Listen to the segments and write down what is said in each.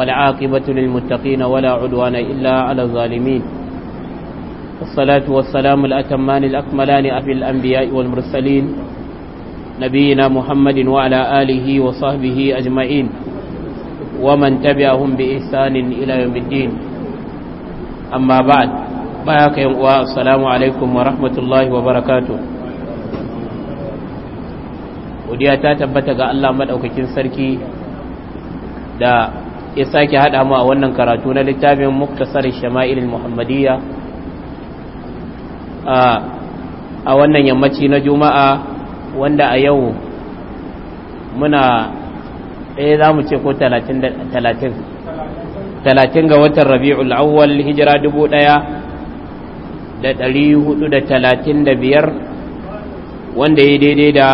والعاقبة للمتقين ولا عدوان إلا على الظالمين والصلاة والسلام الأتمان الأكملان أبي الأنبياء والمرسلين نبينا محمد وعلى آله وصحبه أجمعين ومن تبعهم بإحسان إلى يوم الدين أما بعد بياك يوم السلام عليكم ورحمة الله وبركاته وديا تتبتغ الله مدعوكين سركي da ya sake haɗa mu a wannan karatu na littafin muktasar shama'ilin muhammadiyya a wannan yammaci na juma'a wanda a yau muna ɗaya eh, za mu ce ko talatin talatin ga watan rabi'ul awwal hijira dubu ɗaya da ɗari hudu da talatin da biyar wanda ya daidai da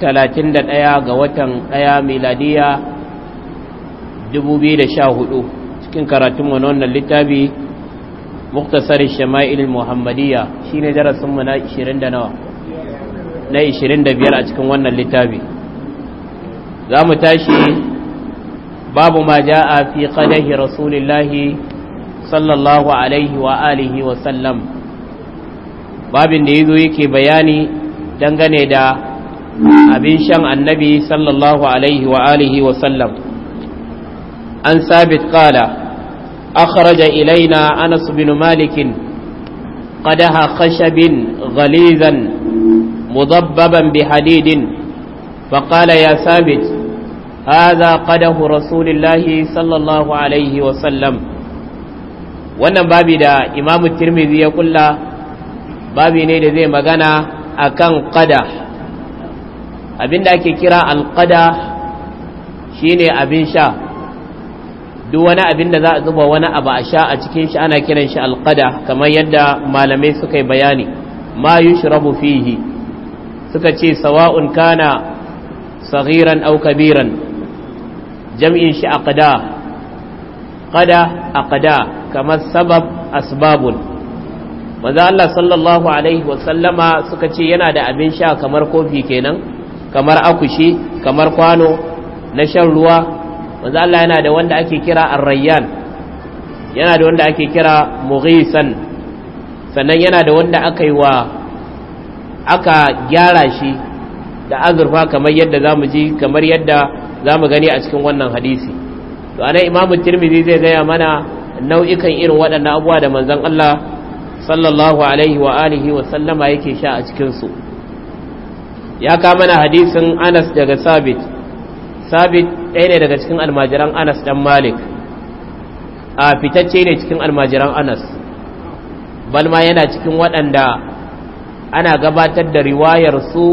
talatin da ɗaya ga watan ɗaya miladiya 2014 cikin karatun mu wannan littafi muktasar shama'il muhammadiyya shine darasin mu na 20 da nawa na 25 a cikin wannan littafi za mu tashi babu ma ja'a fi qadahi rasulillahi sallallahu alaihi wa alihi wa sallam babin da yazo yake bayani dangane da abin shan annabi sallallahu alaihi wa alihi wa sallam an sabit qala akhraja ilaina anas bin malik qadaha khashabin ghalizan mudabbaban bihadidin فقال ya ثابت هذا قده رسول الله صلى الله عليه وسلم wannan babi da imamu tirmidhi ya kulla babi ne da zai magana a akan qada abinda ake kira alqada shine abin sha duk wani abin da za a zuba wani abu a sha a cikin shi ana kiran shi alqada kamar yadda malamai suka yi bayani ma yushrabu fihi suka ce sawa'un kana saghiran aw kabiran jam'in shi aqda qada aqda kamar sabab asbabun manzo Allah sallallahu alaihi wasallama suka ce yana da abin sha kamar kofi kenan kamar akushi kamar kwano na shan ruwa manzo Allah yana da wanda ake kira ar-rayyan yana da wanda ake kira mughisan sannan yana da wanda aka yi wa aka gyara shi da azurfa kamar yadda mu ji kamar yadda zamu gani a cikin wannan hadisi to anan imamu tirmidhi zai gaya mana nau'ikan irin waɗannan abuwa da manzon Allah sallallahu alaihi wa alihi wa sallama yake sha a cikin su ya kama mana hadisin Anas daga Sabit sabit ɗaya ne daga cikin almajiran anas ɗan malik a fitacce ne cikin almajiran anas balma yana cikin waɗanda ana gabatar da riwayarsu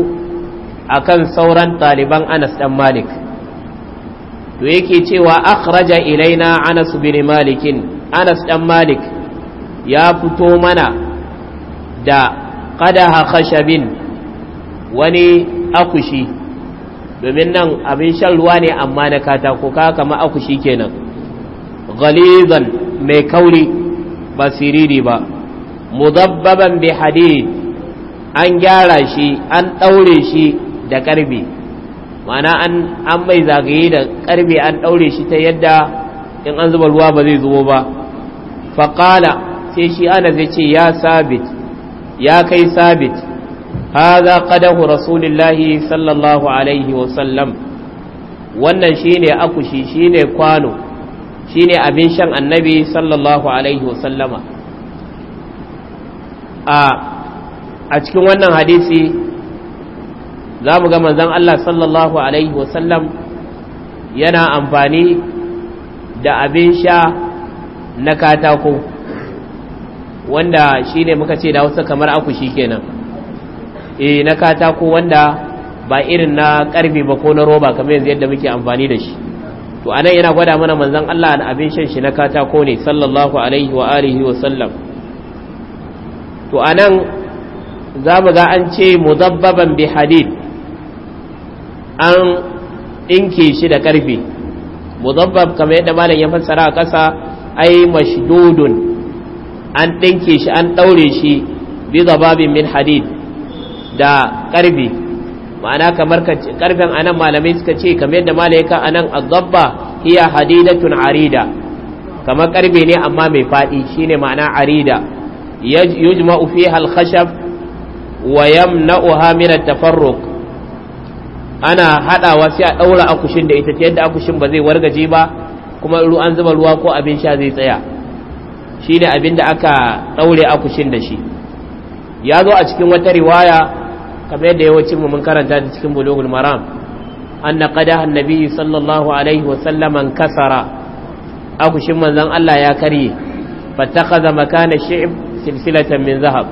a kan sauran ɗaliban anas ɗan malik to yake cewa akhraja ilaina anas bin malikin anas ɗan malik ya fito mana da qadaha khashabin wani akushi domin nan abin shan ruwa ne amma na katako ka kama shi kenan Galizan mai kauri ba siriri ba mudabbaban bi hadid an gyara shi an daure shi da karbi mana an an mai zagaye da karbi an daure shi ta yadda in an zuba ruwa ba zai zubo ba faqala sai shi ana zai ce ya sabit ya kai sabit رسول الله صلى sallallahu عليه وسلم wannan shine akushi shine kwano shine abin shan annabi sallallahu alaihi wasallama a a cikin wannan hadisi za mu ga manzon Allah sallallahu alaihi wasallam yana amfani da abin sha na katako wanda shine muka ce da wasu kamar akushi kenan eh na katako wanda ba irin na karfe ba ko na roba kamar yanzu yadda muke amfani da shi to anan yana gwada mana manzon Allah an abin shan shi na katako ne sallallahu alaihi wa alihi wa sallam to anan za mu ga an ce mudabbaban bi hadid an inke shi da karfe mudabbab kamar yadda malam ya fassara a ƙasa ai mashdudun an dinke shi an daure shi bi zababin min hadid da karbi ma'ana kamar karfin anan malamai suka ce kamar yadda malaika anan azabba hiya hadidatun arida kamar karbe ne amma mai fadi shine ma'ana arida yujma'u fiha al-khashab wa yamna'uha min at-tafarruq ana hadawa sai a daura akushin da ita ta yadda akushin ba zai wargaje ba kuma an zuba ruwa ko abin sha zai tsaya shine abin da aka daure akushin da shi ya zo a cikin wata riwaya kamar yadda yawancin mu mun karanta da cikin bulugul maram anna kada annabi sallallahu alaihi wa an kasara agushin manzon Allah ya karye fattakhadha makana shi'b silsilatan min zahab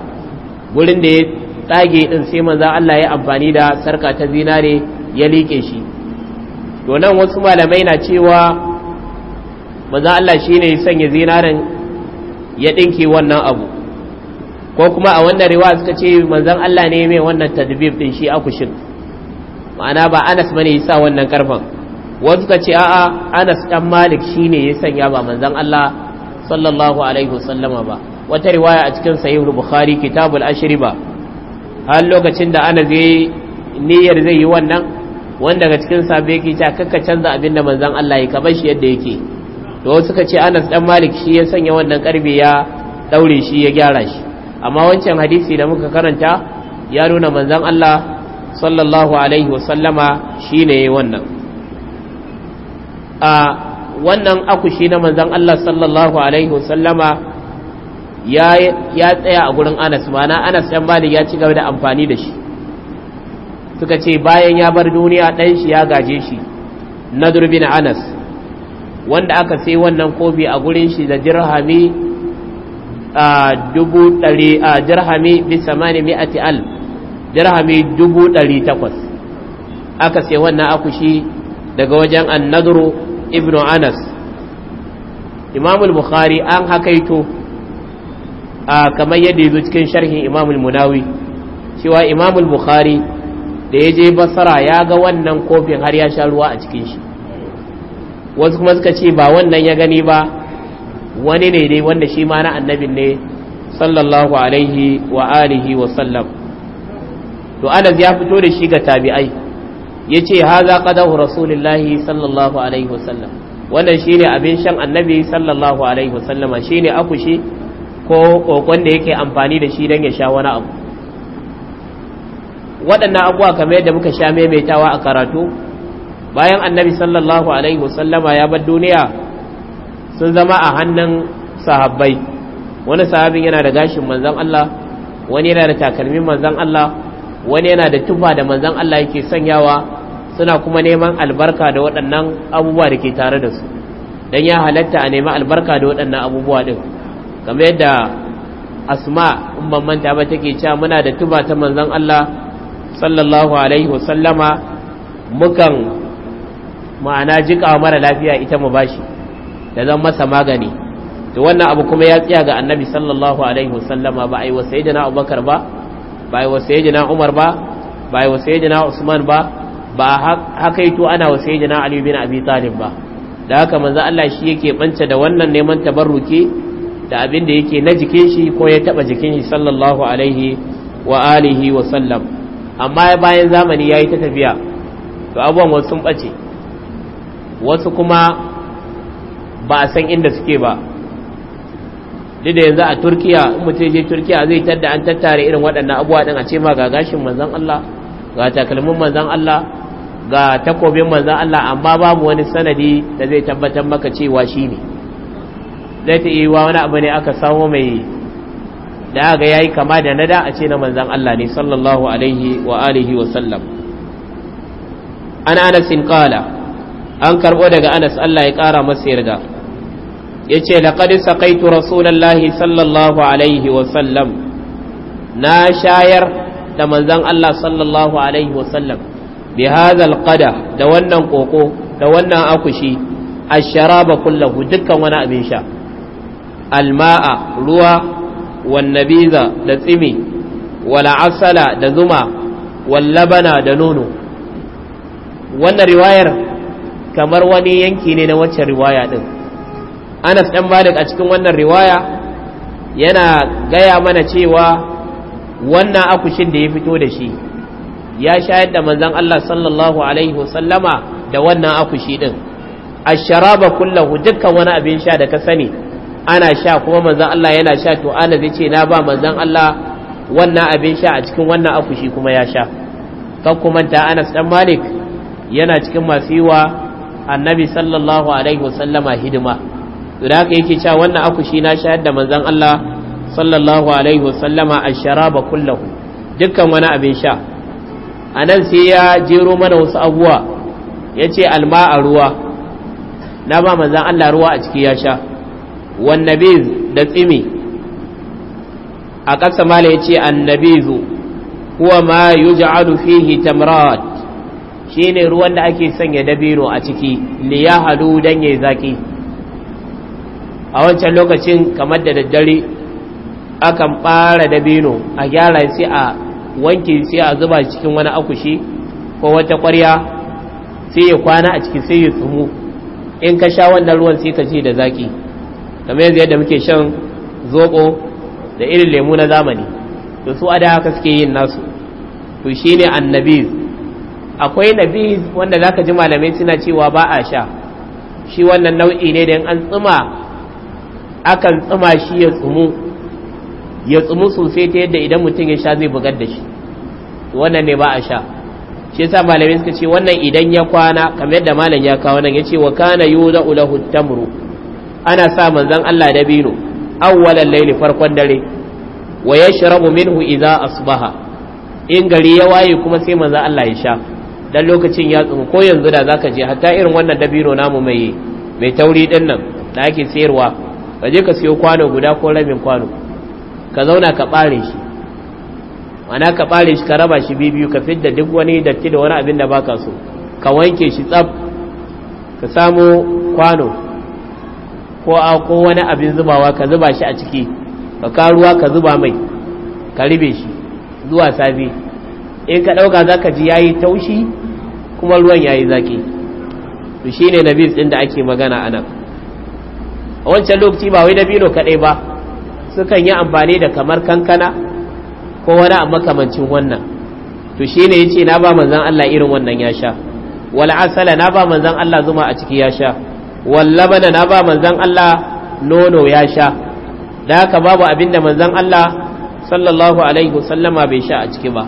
gurin da ya tsage din sai manzon Allah ya amfani da sarka ta zinare ya liƙe shi to nan wasu malamai na cewa manzon Allah shine ya sanya zinaren ya dinke wannan abu ko kuma a wannan riwaya suka ce manzan Allah ne mai wannan tadbib din shi akushin ma'ana ba Anas bane yasa wannan karfan wasu suka ce a'a Anas dan Malik shine ya sanya ba manzan Allah sallallahu alaihi wasallama ba wata riwaya a cikin sahih bukhari kitabul ba, har lokacin da Anas yayi niyyar zai yi wannan wanda daga cikin sahabbai ke ta kakka canza abin da manzon Allah ya kabar shi yadda yake to suka ce Anas dan Malik shi ya sanya wannan karbe ya daure shi ya gyara shi amma wancan hadisi da muka karanta ya nuna manzan Allah sallallahu alaihi wasallama shi ne wannan a wannan aku shi na manzan Allah sallallahu alaihi wasallama ya tsaya a gurin anas mana anas yan bali ya ci gaba da amfani da shi suka ce bayan ya bar duniya ɗan shi ya gaje shi na durbin anas wanda aka sai wannan kofi a gurin shi da jirhami dubu ɗari a dirhami bi samani mi'ati al dirhami dubu ɗari takwas aka sai wannan akushi daga wajen annadru ibnu anas imamul bukhari an hakaito a kamar yadda yazo cikin sharhin imamul munawi cewa imamul bukhari da ya je basara ya ga wannan kofin har ya sha ruwa a cikin shi wasu kuma suka ce ba wannan ya gani ba wani ne dai wanda shi ma na annabin ne sallallahu alaihi wa alihi wa sallam to anas ya fito da shi ga tabi'ai yace haza qadahu rasulullahi sallallahu alaihi wa sallam wannan shine abin shan annabi sallallahu alaihi wa sallama shine akushi ko kokon da yake amfani da shi dan ya sha wani abu waɗannan abuwa kamar yadda muka sha maimaitawa a karatu bayan annabi sallallahu alaihi wa sallama ya bar duniya sun zama a hannun sahabbai wani sahabin yana da gashin manzan Allah wani yana da takalmin manzan Allah wani yana da tufa da manzan Allah yake sanyawa suna kuma neman albarka da waɗannan abubuwa da ke tare da su don ya halatta a nemi albarka da waɗannan abubuwa ɗin game yadda asma in ban manta ba take cewa muna da tuba ta manzan Allah sallallahu alaihi wasallama mukan ma'ana jika mara lafiya ita mu bashi da zan masa magani to wannan abu kuma ya tsaya ga annabi sallallahu alaihi wasallama ba ai wasai da na abubakar ba ba ai wasai da na umar ba ba ai wasai da na usman ba ba hakaito ana wasai da na ali bin abi talib ba da haka manzo Allah shi yake bance da wannan neman tabarruki da abin da yake na jikin shi ko ya taba jikin shi sallallahu alaihi wa alihi wa sallam amma bayan zamani yayi ta tafiya to abubuwan wasu sun bace wasu kuma ba a san inda suke ba duk da yanzu a turkiya in mutum je turkiya zai tadda an tattare irin waɗannan abuwa ɗin a ce ma ga gashin manzan allah ga takalmin manzan allah ga takobin manzan allah amma babu wani sanadi da zai tabbatar maka cewa shi ne zai ta iya wani abu ne aka samu mai da aga yayi kama da nada a ce na manzan allah ne sallallahu alaihi wa alihi wa sallam an anas qala an karbo daga anas allah ya kara masa yarda yace laqad saqaitu rasulallahi sallallahu alaihi wa sallam na shayar da manzon Allah sallallahu alaihi wa sallam bi hadha da wannan koko da wannan akushi asharaba kullahu dukkan wani abin sha alma'a ruwa wan nabiza da tsimi wala asala da zuma wal labana da nono wannan riwayar kamar wani yanki ne na waccan riwaya din anas ɗan malik a cikin wannan riwaya yana gaya mana cewa wannan akushin da ya fito da shi ya shayar da manzan Allah sallallahu alaihi wasallama da wannan akushi din sharaba kullahu dukkan wani abin sha da ka sani ana sha kuma manzan Allah yana sha to ana zai ce na ba manzan Allah wannan abin sha a cikin wannan akushi kuma ya sha kan kuma ta Anas ɗan Malik yana cikin masu yiwa annabi sallallahu alaihi wasallama hidima da haka yake cewa wannan akushi na shayar da manzon Allah sallallahu alaihi wasallama asharaba kullahu dukkan wani abin sha anan sai ya jero mana wasu abuwa yace alma a ruwa na ba manzon Allah ruwa a ciki ya sha nabiz da tsimi a ƙasa mala yace annabizu huwa ma yuj'alu fihi tamrat shine ruwan da ake sanya dabino a ciki liya hadu dan yayi zaki a wancan lokacin kamar da daddare akan ɓara dabino a gyara sai a wanke sai a zuba cikin wani akushi ko wata ƙwarya sai ya kwana a cikin sai ya tsumu in ka sha wannan ruwan sai ka ji da zaki kamar yanzu yadda muke shan zoɓo da irin lemu na zamani to su ada haka suke yin nasu to shine annabi akwai nabi wanda zaka ji malamai suna cewa ba a sha shi wannan nau'i ne da an tsuma akan tsuma shi ya tsumu ya tsumu sosai ta yadda idan mutum ya sha zai bugar da shi wannan ne ba a sha shi yasa malamin suka ce wannan idan ya kwana kamar yadda malam ya kawo nan yace wa kana yuzu lahu tamru ana sa manzon Allah da biro awwalan layli farkon dare wa yashrabu minhu idza asbaha in gari ya waye kuma sai manzon Allah ya sha dan lokacin ya tsumu ko yanzu da zaka je hatta irin wannan dabino namu mai mai tauri din nan da ake sayarwa ka je ka siyo kwano guda ko rabin kwano ka zauna ka ɓare shi mana ka bare shi ka raba shi biyu ka fidda duk wani datti da wani abin da baka so ka wanke shi tsab ka samu kwano ko a ko wani abin zubawa ka zuba shi a ciki ka karuwa ka zuba mai ka ribe shi zuwa safe in ka ɗauka za ji yayi taushi kuma ruwan yayi zaki to shine nabi ɗin da ake magana anan a wancan lokaci ba wai dabino kaɗai ba sukan yi amfani da kamar kankana ko wani a makamancin wannan to shi ne ya ce na ba manzan Allah irin wannan ya sha wal asala na ba manzan Allah zuma a ciki ya sha wal labana na ba manzan Allah nono ya sha da haka babu abin da manzan Allah sallallahu alaihi wasallama bai sha a ciki ba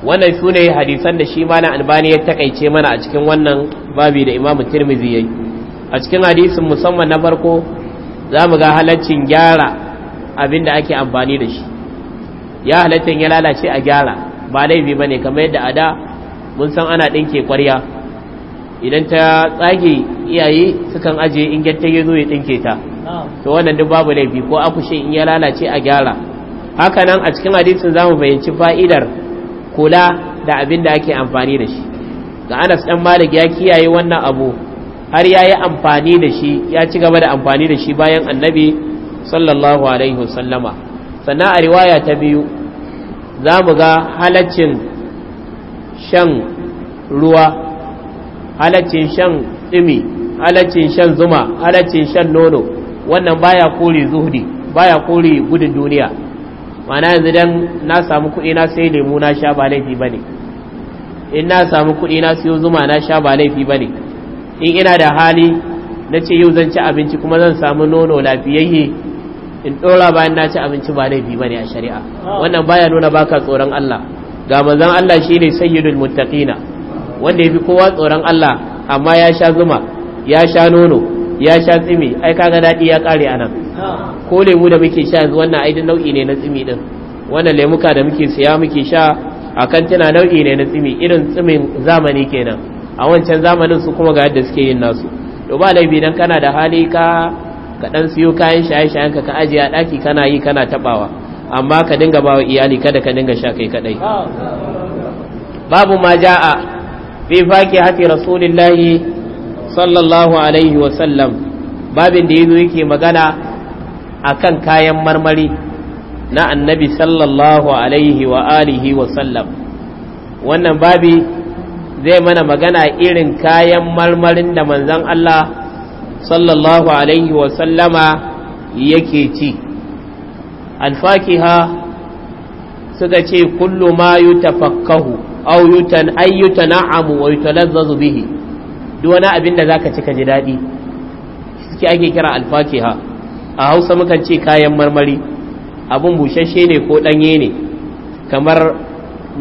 wannan su ne hadisan da shi malam albani ya takaice mana a cikin wannan babi da imamu tirmidhi yayi a cikin hadisin musamman na farko za mu ga halaccin gyara abin da ake amfani da shi ya halaccin ya lalace a gyara ba laifi ba ne kamar yadda a da mun san ana ɗinke kwarya idan ta tsage iyaye sukan ajiye in gyatta ya zo ya ɗinke ta to wannan duk babu laifi ko akushe in ya lalace a gyara haka nan a cikin hadisin za mu fahimci fa'idar kula da abin da ake amfani da shi ga anas ɗan malik ya kiyaye wannan abu har ya yi amfani da shi ya ci gaba da amfani da shi bayan annabi sallallahu alaihi wasallama sannan a riwaya ta biyu za mu ga halaccin shan ruwa halaccin shan tsimi halaccin shan zuma halaccin shan nono wannan baya kore zuhudi baya kore gudun duniya mana yanzu dan na samu kuɗi na sai lemu na sha ba laifi bane in na samu kuɗi na siyo zuma na sha ba laifi bane in ina da hali na ce yau zan ci abinci kuma zan samu nono lafiyayye in ɗora bayan na ci abinci ba laifi ba ne a shari'a wannan baya nuna baka tsoron Allah ga manzon Allah shi shine sayyidul muttaqina wanda ya fi kowa tsoron Allah amma ya sha zuma ya sha nono ya sha tsimi ai kaga dadi ya kare anan ko lemu da muke sha yanzu wannan aidin nau'i ne na tsimi din wannan lemuka da muke siya muke sha akan tana nau'i ne na tsimi irin tsimin zamani kenan a wancan zamanin su kuma ga yadda suke yin nasu to ba laifi dan kana da hali ka ka dan siyo kayan shaye-shayen ka ka ajiye a daki kana yi kana tabawa amma ka dinga bawa iyali kada ka dinga sha kai kadai babu ma jaa fi hati rasulillahi sallallahu alaihi wa sallam babin da yazo yake magana akan kayan marmari na annabi sallallahu alaihi wa alihi wa sallam wannan babi zai mana magana irin kayan marmarin da manzan Allah sallallahu alaihi wasallama yake ci alfakiha suka ce kullu ma yi tafakkahu ayyutan ayyuta na'amu wa yutalazzazu bihi duk wani abin da zaka ci ka ji daɗi suke ake kira alfakiha a Hausa mukan ce kayan marmari abun bushashe ne ko ɗanye ne kamar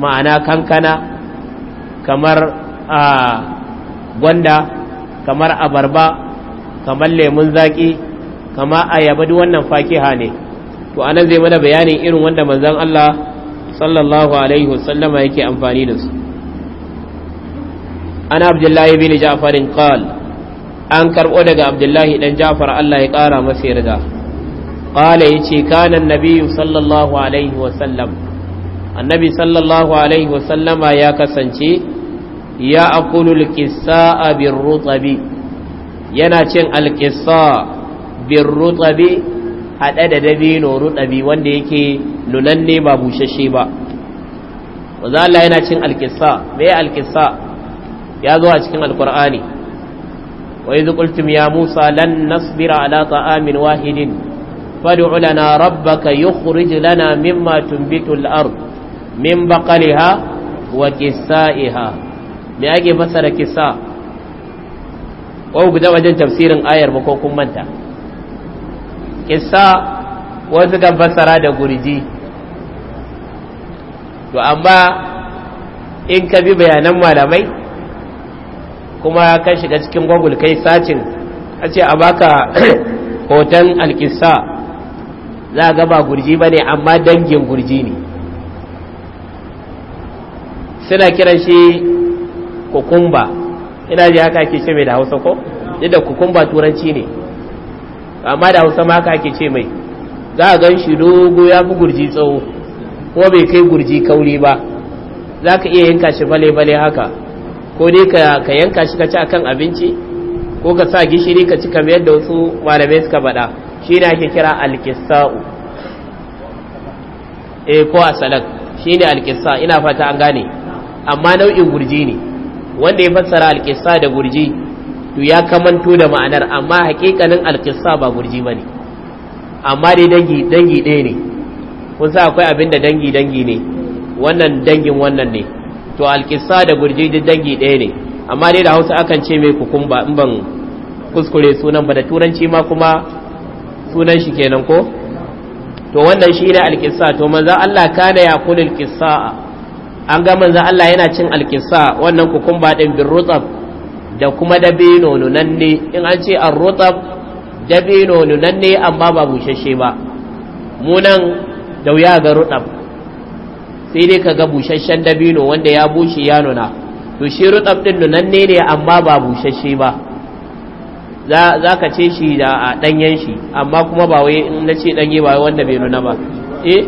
ma'ana kankana kamar a gwanda kamar abarba kamar lemun zaki kama ayaba duk wannan fakiha ne to a anan zai mana bayanin irin wanda manzon Allah sallallahu alaihi wasallama yake amfani da su ana abdullahi bin ja'farin qal an karbo daga abdullahi dan ja'far Allah ya kara masa yarda ya ce kana annabiyyu sallallahu alaihi wasallam annabi sallallahu alaihi wasallama ya kasance ya akulu alƙisa bin yana cin alƙisa bin rutsabi haɗe da dabino rutsabi wanda yake nunanne ba bushashe ba wanzu Allah yana cin alkisa mai alƙisa ya zo a cikin alƙur'ani wa yi zuƙultum ya musa lan nasbira ala ta'amin wahidin fadu lana rabbaka yukhrij lana mimma tumbitul ard min baqaliha wa kisaiha me ake fassara kisa wau guda wajen tafsirin ayar ba ko kun manta kisa wasu kan fassara da gurji to amma in ka bi bayanan malamai kuma ka shiga cikin google kai sacin a ce a baka hoton alkisa za a ba gurji ba ne amma dangin gurji ne suna kiran shi kokumba ina ji haka ake ce mai da hausa ko yadda kokumba turanci ne amma da hausa ma haka ake ce mai za a gan shi dogo ya fi gurji tsawo ko bai kai gurji kauri ba za ka iya yanka shi bale-bale haka ko dai ka yanka shi ka ci akan abinci ko ka sa gishiri ka ci kamar yadda wasu malamai suka bada shi ne ake kira alkissa'u eh ko a salak shi ne alkissa ina fata an gane amma nau'in gurji ne wanda ya fassara alƙissa da gurji to ya kamanto da ma'anar amma haƙiƙanin alƙissa ba gurji ba ne amma dai dangi dangi ɗaya ne kun sa akwai abin da dangi dangi ne wannan dangin wannan ne to alƙissa da gurji duk dangi ɗaya ne amma dai da hausa akan ce mai kukumba in ban kuskure sunan ba da turanci ma kuma sunan shi kenan ko to wannan shi ne alƙissa to manzo Allah kana ya kulul qissa'a an ga manzan Allah yana cin alkisa wannan kukumba ɗin bin rutsaf da kuma dabino nunanne in an ce an rutsaf dabino nunanne an ba ba bushashe ba munan da wuya ga rutsaf sai dai ka ga bushashen dabino wanda ya bushe ya nuna to shi rutsaf ɗin nunanne ne amma ba bushashe ba za ka ce shi da ɗanyen shi amma kuma ba wai in na ce ɗanye ba wanda bai nuna ba eh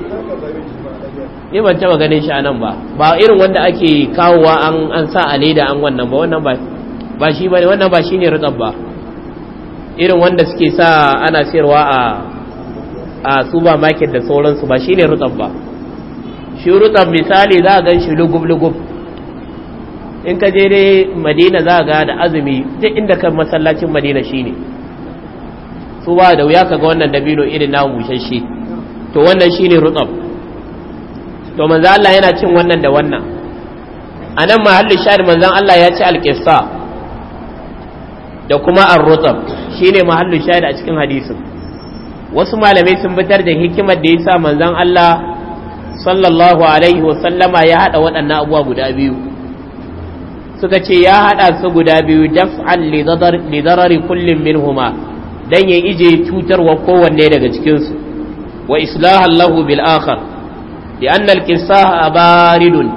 ni ban taba ganin shi anan ba ba irin wanda ake kawowa an an sa a leda an wannan ba wannan ba ba shi bane wannan ba shine rutsab ba irin wanda suke sa ana sayarwa a a supermarket da sauransu ba shine rutsab ba shi rutsab misali za a gan shi lugub lugub in ka je dai madina za ga da azumi duk inda kan masallacin madina shine su ba da wuya ka ga wannan dabino irin na bushashe to wannan shine rutsab to manzo Allah yana cin wannan da wannan anan mahallin shahid manzon Allah ya ci alqissa da kuma ar shi shine mahallin shahid a cikin hadisin wasu malamai sun fitar da hikimar da ya sa manzan Allah sallallahu alaihi sallama ya haɗa waɗannan abuwa guda biyu suka ce ya haɗa su guda biyu daf'an li kullum min huma dan ya ije cutarwa kowanne daga cikinsu wa islahan lahu bil akhar da annal a baridun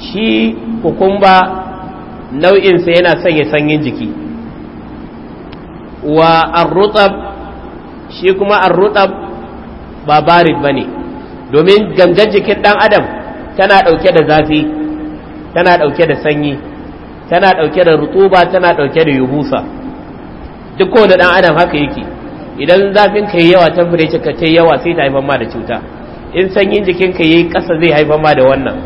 shi kukumba nau'insa yana sanya sanyin jiki wa arrutab shi kuma arrutab ba barid ba ne domin gangan jikin ɗan adam tana ɗauke da zafi tana ɗauke da sanyi tana ɗauke da rutuba tana ɗauke da yubusa duk kowane ɗan adam haka yake idan zafin ka yi yawa temperature ka ce yawa sai ta yi ma da cuta in sanyin jikinka yayi ƙasa zai haifar ma da wannan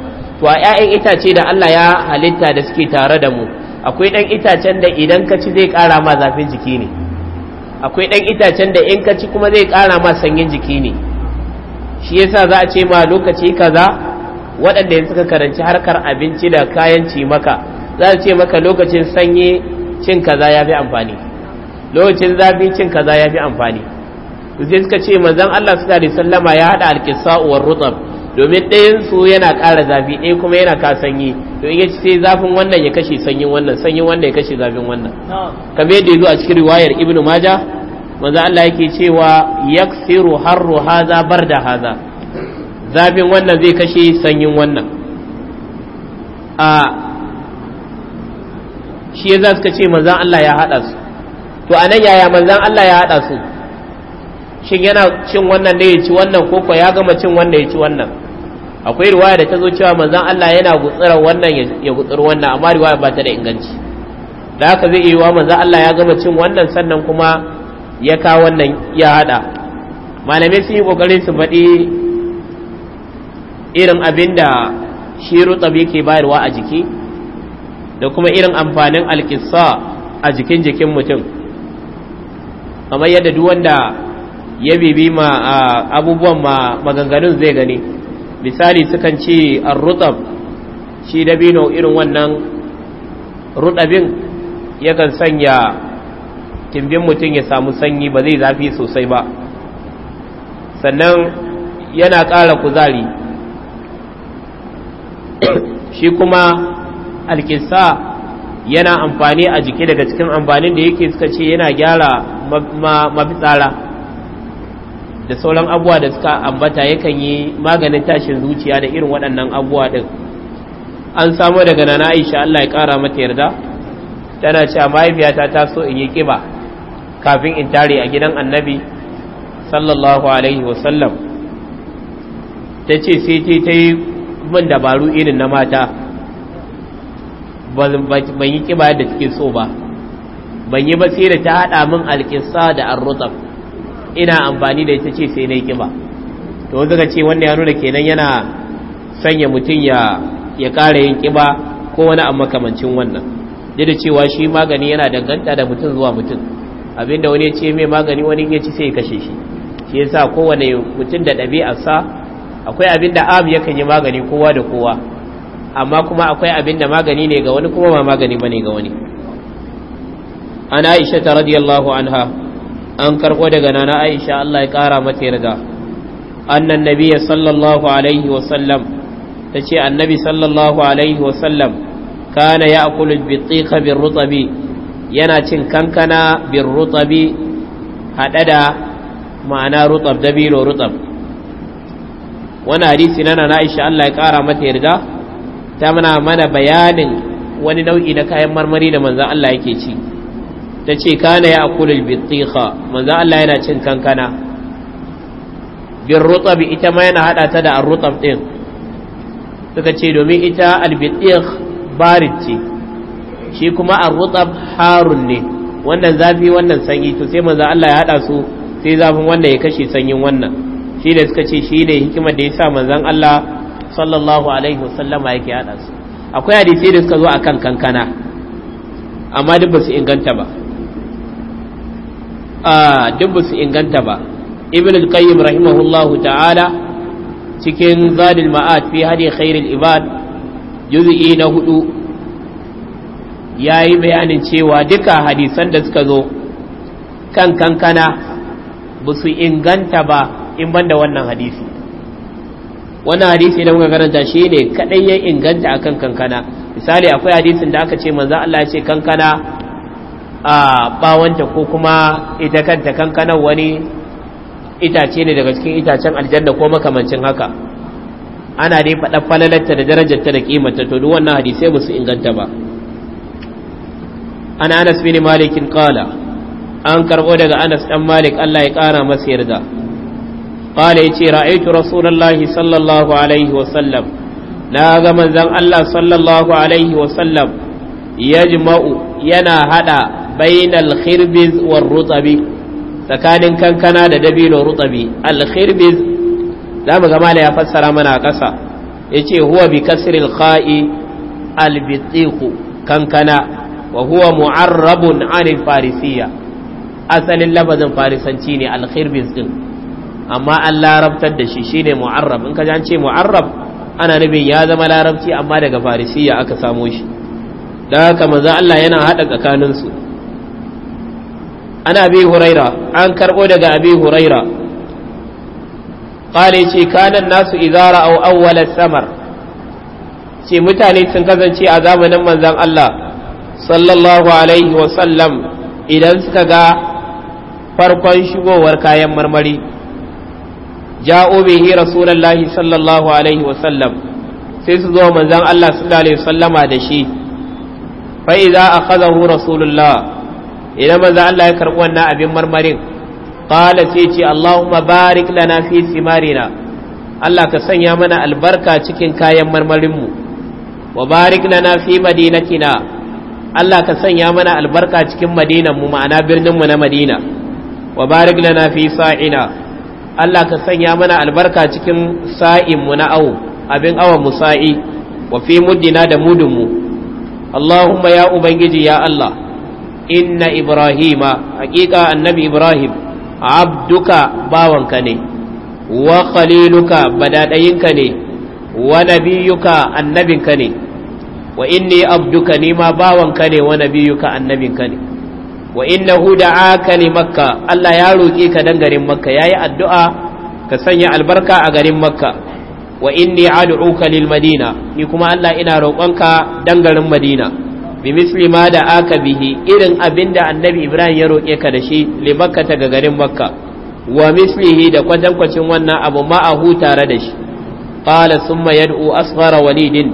to a ƴaƴan itace da Allah ya halitta da suke tare da mu akwai ɗan itacen da idan ka ci zai ƙara ma zafin jiki ne akwai ɗan itacen da in ka ci kuma zai ƙara ma sanyin jiki ne shi yasa za a ce ma lokaci kaza waɗanda yanzu suka karanci harkar abinci da kayan ci maka za a ce maka lokacin sanyi cin kaza ya fi amfani lokacin zafi cin kaza ya fi amfani sai suka ce manzon Allah sallallahu da sallama ya hada alqisa'u war rutab domin ɗayan su yana ƙara zafi ɗaya kuma yana ka sanyi to in yace sai zafin wannan ya kashe sanyin wannan sanyin wannan ya kashe zafin wannan kamar yadda yazo a cikin riwayar ibnu maja manzo Allah yake cewa yaksiru harru haza barda haza zafin wannan zai kashe sanyin wannan a shi ya za suka ce manzan Allah ya haɗa su to a nan yaya manzan Allah ya haɗa su shin yana cin wannan da ya ci wannan ko ya gama cin wannan ya ci wannan akwai riwaya da ta zo cewa manzon Allah yana gutsirar wannan ya gutsir wannan amma riwaya ba ta da inganci da haka zai iya manzon Allah ya gama cin wannan sannan kuma ya ka wannan ya hada malamai sun yi kokarin su faɗi irin abin da shi rutsab ke bayarwa a jiki da kuma irin amfanin alkissa a jikin jikin mutum kamar yadda duk wanda ya bibi ma abubuwan ma maganganun zai gani misali sukan ce arrutab shi dabino irin wannan rutabin yakan sanya timbin mutum ya samu sanyi ba zai zafi sosai ba sannan yana ƙara kuzari shi kuma alkisa yana amfani a jiki daga cikin amfanin da yake suka ce yana gyara mafitsara da sauran abuwa da suka ambata yakan yi maganin tashin zuciya da irin waɗannan abuwa ɗin an samu daga nana aisha allah ya ƙara mata yarda tana cewa mahaifiyata ta so in yi ƙiba kafin in tare a gidan annabi sallallahu alaihi wasallam ta ce sai ta yi min dabaru irin na mata ban yi ƙiba yadda take so ba ban yi basira ta haɗa min alƙisa da arrutab ina amfani da ita ce sai na kiba to wanda ce wanda ya nuna kenan yana sanya mutum ya ya ƙara yin kiba ko wani amma makamancin wannan dida cewa shi magani yana danganta da mutum zuwa mutum abinda wani ya ce mai magani wani ya ci sai ya kashe shi shi yasa kowane mutum da ɗabi'arsa akwai abinda am yakan yi magani kowa da kowa amma kuma akwai abinda magani ne ga wani kuma ma magani bane ga wani Ana aisha radiyallahu anha an karko daga nana aisha Allah ya ƙara mata yarda annan nabiya sallallahu alaihi wasallam ta ce annabi sallallahu alaihi wa wasallam kana ya akulu bitsika bin rutabi yana cin kankana bin rutabi haɗe da ma'ana rutab dabino rutab wani hadisi nana aisha Allah ya ƙara mata yarda ta mana mana bayanin wani nau'i na kayan marmari da manzan Allah yake ci ta ce kana ya akulul bittiha manzo Allah yana cin kankana bin rutab ita ma yana hada ta da ar-rutab din suka ce domin ita al-bittih barid ce shi kuma ar-rutab harun ne wannan zafi wannan sanyi to sai manzo Allah ya hada su sai zafin wannan ya kashe sanyin wannan shi da suka ce shi ne hikimar da yasa sa manzon Allah sallallahu alaihi wasallama yake hada su akwai hadisi da suka zo akan kankana amma duk ba su inganta ba duk ba su inganta ba ibn al-qayyim rahimahullahu ta'ala cikin zadil ma'at fi hadi khairil ibad juz'i na hudu yayi bayanin cewa duka hadisan da suka zo kan kankana ba inganta ba in banda wannan hadisi wannan hadisi da muka karanta shi ne kaɗai ya inganta akan kankana misali akwai hadisin da aka ce manzo Allah ya ce kankana a bawanta ko kuma ita kanta kankanan wani itace ne daga cikin itacen aljanna ko makamancin haka ana dai faɗa falalarta da darajarta da kimanta to duk wannan hadisai ba su inganta ba ana anas bin malikin kala an karbo daga anas ɗan malik Allah ya kara masa yarda ya yace ra'aytu rasulullahi sallallahu alaihi wa sallam na ga manzon Allah sallallahu alaihi wa sallam yajma'u yana hada bainal khirbiz war rutabi tsakanin kankana da dabino rutabi al khirbiz zamu ga mala ya fassara mana kasa yace huwa bi kasril kha'i al kankana wa huwa mu'arrabun an farisiya asalin labazin farisanci ne al khirbiz din amma an larabtar da shi shine mu'arrab in ka an ce mu'arrab ana nufin ya zama larabci amma daga farisiya aka samo shi da haka maza Allah yana haɗa tsakaninsu ana abi huraira an karbo daga abi huraira qale ce kanan nasu izara au awwala samar ce mutane sun kasance a zamanin manzan Allah sallallahu alaihi wa sallam idan suka ga farkon shigowar kayan marmari ja'u bihi rasulullahi sallallahu alaihi wa sallam sai su zo manzan Allah sallallahu alaihi wa sallama da shi fa idza akhadahu rasulullah idan manzo Allah ya karbi wannan abin marmarin qala sai ce Allahumma barik lana fi simarina Allah ka sanya mana albarka cikin kayan marmarin mu wa barik lana fi madinatina Allah ka sanya mana albarka cikin madinan mu ma'ana birnin mu na Madina wa barik lana fi sa'ina Allah ka sanya mana albarka cikin sa'in mu na awu abin awan mu sa'i wa fi muddina da mudun mu Allahumma ya ubangiji ya Allah inna ibrahima haƙiƙa annabi ibrahim abduka bawanka ne wa khaliluka badaɗayinka ne wa nabiyuka annabinka ne wa inni abduka ni ma bawanka ne wa nabiyuka annabinka ne wa Huda da'aka li makka Allah ya roƙe ka dan garin makka yayi addu'a ka sanya albarka a garin makka wa inni ad'uka lil madina ni kuma Allah ina roƙonka dan garin madina bi misli ma da aka bihi irin abin da annabi ibrahim ya roƙe ka da shi li ta ga garin makka wa mislihi da kwatankwacin wannan abu ma'ahu tare da shi qala summa yad'u asfara walidin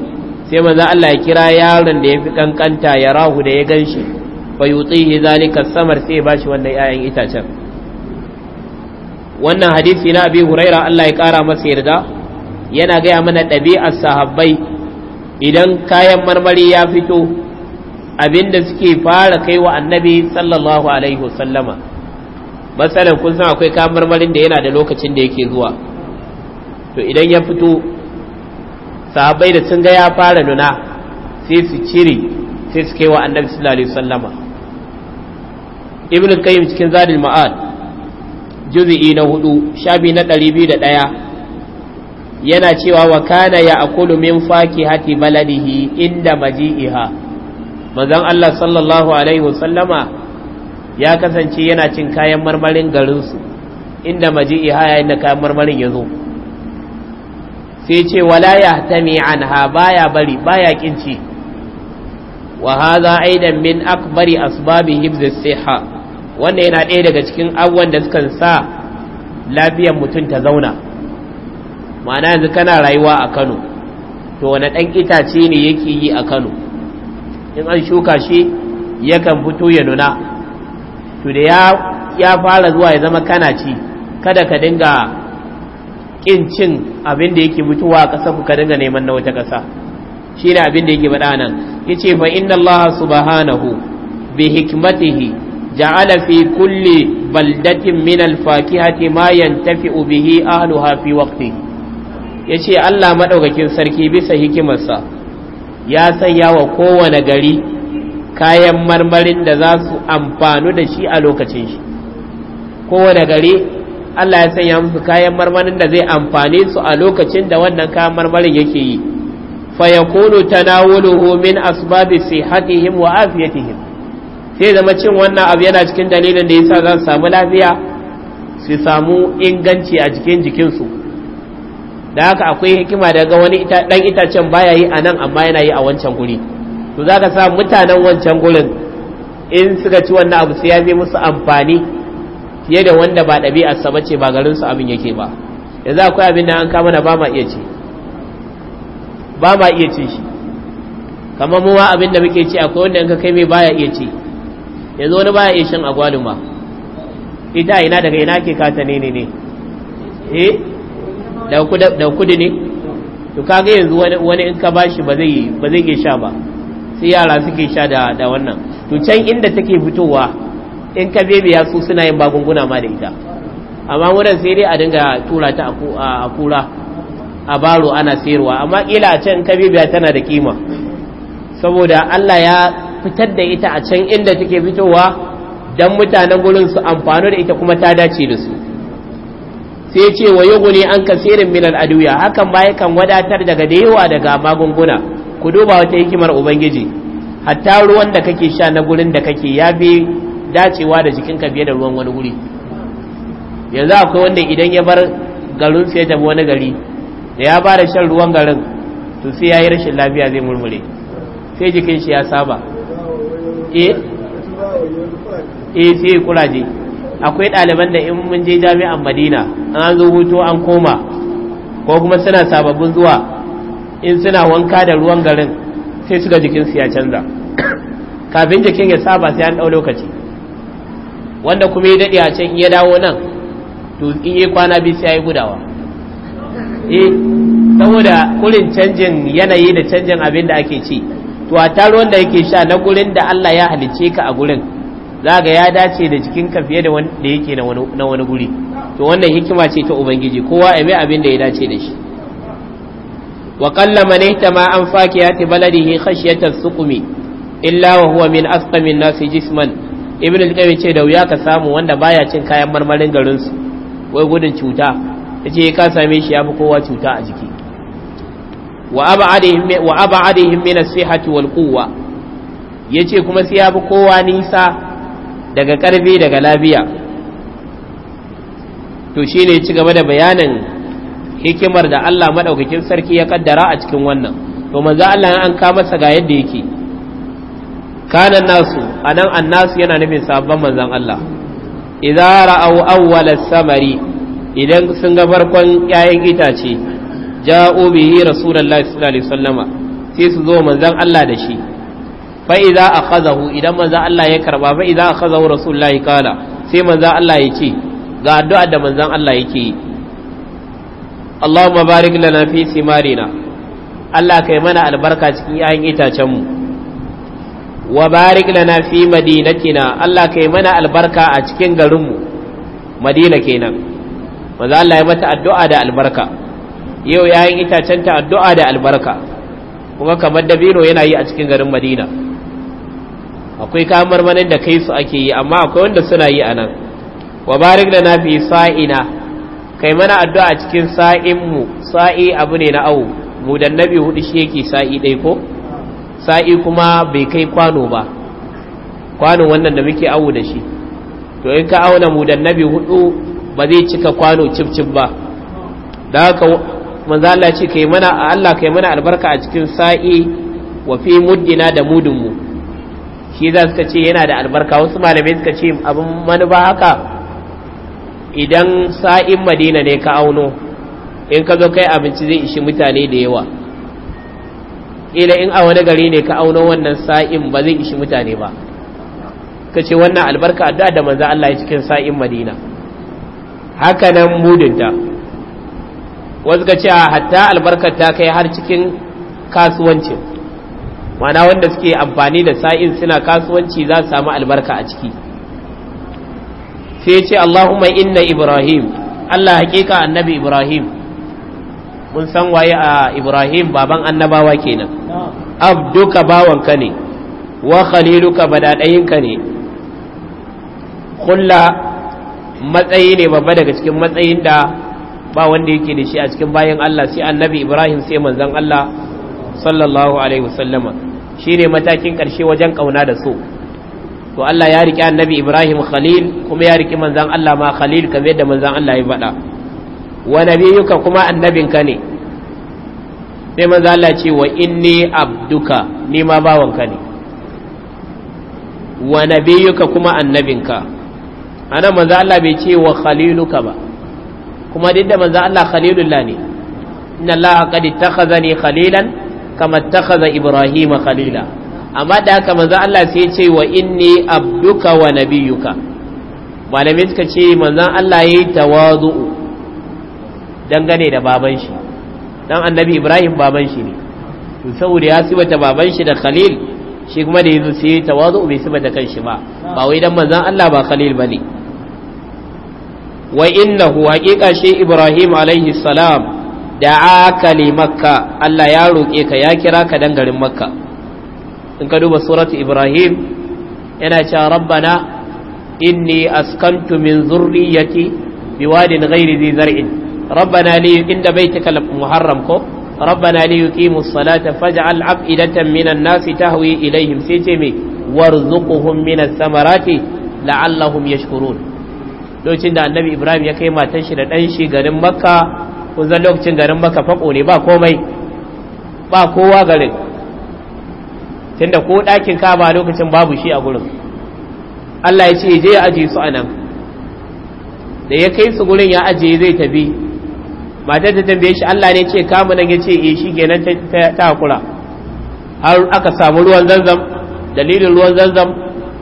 sai manzo Allah ya kira yaron da ya fi kankanta ya rahu da ya ganshi fa yutihi zalika samar sai ba shi wannan 'ya'yan itacen wannan hadisi na abi huraira Allah ya kara masa yarda yana gaya mana ɗabi'ar sahabbai idan kayan marmari ya fito abinda suke fara kai wa annabi sallallahu alaihi wasallama matsalan kun san akwai kamarmarin marmarin da yana da lokacin da yake zuwa to idan ya fito sahabbai da sun ga ya fara nuna sai su cire sai su kai wa annabi sallallahu alaihi wasallama ibn qayyim cikin zadil ma'ad juz'i na hudu shabi na ɗari biyu da ɗaya, yana cewa wa kana ya akulu min hati baladihi inda maji'iha mazan Allah sallallahu alaihi wasallama ya kasance yana cin kayan marmarin garinsu inda iha yayin da kayan marmarin ya zo sai ce wala ya tami ha baya bari baya kinci wa hadha aidan min akbari asbabi hibz siha wannan yana ɗaya daga cikin abubuwan da suka sa lafiyar mutum ta zauna ma'ana yanzu kana rayuwa a Kano to wani ɗan itace ne yake yi a Kano in an shuka shi yakan fito ya nuna to da ya fara zuwa ya zama kana ci kada ka dinga kin cin abin da yake mutuwa a ƙasa ku ka dinga neman na wata ƙasa shi ne abin da yake faɗa nan yace fa inna allaha subhanahu bi hikmatihi ja'ala fi kulli baldatin min al-fakihati ma yantafi'u bihi ahluha fi waqtihi yace Allah madaukakin sarki bisa hikimarsa ya sanya wa kowane gari kayan marmarin da za su amfanu da shi a lokacin shi kowane gari Allah ya sanya musu kayan marmarin da zai amfane su a lokacin da wannan kayan marmarin yake yi ta tanawuluhu min asbabi sihatihim wa afiyatihim sai zama cin wannan abu yana cikin dalilin da yasa za su samu lafiya su samu inganci a jikin jikinsu da haka akwai hikima daga wani dan itacen baya yi a nan amma yana yi a wancan guri to za ka sa mutanen wancan gurin in suka ci wannan abu sai ya fi musu amfani fiye da wanda ba ɗabi'ar sa ce ba garin su abin yake ba yanzu akwai abin da an kama na ba ma iya ci ba ma iya ci shi kamar mu ma abin da muke ci akwai wanda in ka kai mai baya iya ci yanzu wani baya iya shan agwaluma ita ina daga ina ke kata ne ne ne eh da ne to kaga yanzu wani in ka bashi ba zai ba zai sha ba sai yara suke sha da da wannan to can inda take fitowa in ka bebe su suna yin bagunguna ma da ita amma wurin sai dai a dinga tura ta a kura a baro ana sayarwa amma kila a can ka bebe tana da kima saboda Allah ya fitar da ita a can inda take fitowa dan mutanen gurin su amfano da ita kuma ta dace da su sai ce wa yughni an kasirin min al hakan ma yakan wadatar daga da yawa daga magunguna ku duba wata hikimar ubangiji hatta ruwan da kake sha na gurin da kake ya bi dacewa da jikinka biye da ruwan wani guri yanzu akwai wanda idan ya bar garin sai tafi wani gari da ya bada shan ruwan garin to sai ya yi rashin lafiya zai murmure sai jikin shi ya saba eh eh sai kuraje akwai ɗaliban da in mun je jami'an madina an zo hutu an koma ko kuma suna sababbin zuwa in suna wanka da ruwan garin sai suka jikinsu ya canza kafin jikin ya saba sai an ɗau lokaci wanda kuma ya daɗe a can iya dawo nan to in yi kwana biyu sai ya gudawa eh saboda kurin canjin yanayi da canjin abin da ake ci to a taruwan da yake sha na gurin da Allah ya halice ka a gurin Za ga ya dace da jikinka fiye da wanda yake na wani guri to wannan hikima ce ta ubangiji kowa ya mai abin da ya dace da shi wa ma ta ya an baladi baladihi khashyata sukumi illa wa huwa min asqamin nas jisman ibn al ce da wuya ka samu wanda baya cin kayan marmarin garinsu, su wai gudun cuta yace ka same shi yafi kowa cuta a jiki wa ab'adihim wa ab'adihim min as-sihhati wal yace kuma sai yafi kowa nisa daga karfi daga labiya to ne ci gaba da bayanin hikimar da Allah madaukakin sarki ya ƙaddara a cikin wannan to manzo Allah an ka masa ga yadda yake kana nasu anan annasu yana nufin sabon manzan Allah idza ra'aw awwal samari idan sun ga farkon 'ya'yan itace ja'u bihi rasulullahi sallallahu alaihi wasallama sai su zo manzon Allah da shi fa a akhadahu idan manzo Allah ya karba fa a akhadahu rasulullahi kala sai manzo Allah ya ce ga addu'a da manzon Allah ya ke yi Allahumma barik lana fi simarina Allah kai mana albarka cikin 'ya'yan itacenmu, wa barik lana fi madinatina Allah kai mana albarka a cikin garinmu mu Madina kenan manzo Allah ya mata addu'a da albarka yau 'ya'yan itacen ta addu'a da albarka kuma kamar dabino yana yi a cikin garin Madina akwai kamar manin da kai su ake yi amma akwai wanda suna yi anan wa barik da na fi sa'ina kai mana addu'a cikin sa'inmu sa'i abu ne na awu mu da nabi hudu shi yake sa'i ɗai ko sa'i kuma bai kai kwano ba kwanon wannan da muke awu da shi to in ka auna mu da nabi hudu ba zai cika kwano cif ba da haka manzo Allah ce kai mana Allah kai mana albarka a cikin sa'i wa fi muddina da mudunmu shi za suka ce yana da albarka wasu malamai suka ce abin manufa haka idan sa'in madina ne ka auno in ka zo kai abinci zai ishi mutane da yawa ila in a wani gari ne ka auno wannan sa'in ba zai ishi mutane ba ka ce wannan albarka addu'a da manzo Allah ya cikin sa'in madina haka nan mudinta wasu ka ce hatta albarkar ta kai har cikin kasuwancin mana wanda suke amfani da sa'in suna kasuwanci za su samu albarka a ciki sai ce Allahumma inna Ibrahim Allah hakika annabi Ibrahim mun san waye a Ibrahim baban annabawa kenan abduka bawanka ne wa khaliluka badadayinka ne kulla matsayi ne babba daga cikin matsayin da ba wanda yake da shi a cikin bayan Allah sai annabi Ibrahim sai manzon Allah sallallahu alaihi wasallama Shi ne matakin ƙarshe wajen ƙauna da so to Allah ya riƙe annabi Ibrahim Khalil kuma ya riƙe manzan Allah ma Khalil kamar yadda manzan Allah ya faɗa wa nabiyuka kuma annabinka ne sai manzan Allah ce wa inni abduka ni ma bawanka ne wa nabiyuka kuma annabinka ana manzan Allah bai ce wa khaliluka ba kuma duk da manzan Allah khalilullah ne inna Allah qad ittakhazani khalilan kama takhadha ibrahima khalila amma da haka manzo Allah sai ya ce wa inni abduka wa nabiyuka malamin suka ce manzon Allah yayi tawazu'u dangane da baban shi dan annabi ibrahim baban shi ne to saboda ya sibata baban shi da khalil shi kuma da yanzu sai tawazu bai sibata kanshi ba ba wai dan manzon Allah ba khalil bane wa innahu haqiqa shi ibrahim alaihi salam da li makka Allah ya roƙe ka ya kira ka dan garin makka in ka duba suratu ibrahim yana cewa rabbana inni askantu min zurriyyati biwadin ghairi dhi zar'in rabbana li inda baitika muharram ko rabbana li yuqimu ssalata faj'al af'idatan minan nasi tahwi ilayhim sai ce me warzuqhum minas samarati la'allahum yashkurun lokacin da annabi ibrahim ya kai matan shi da dan shi garin makka kun zan lokacin garin maka fako ne ba komai ba kowa garin tunda ko ɗakin kaba lokacin babu shi a gurin Allah ya ce je ya ajiye su a da ya kai su gurin ya ajiye zai tafi matar ta tambaye shi Allah ne ce kama nan ya ce e shi kenan ta hakura har aka samu ruwan zanzam dalilin ruwan zanzam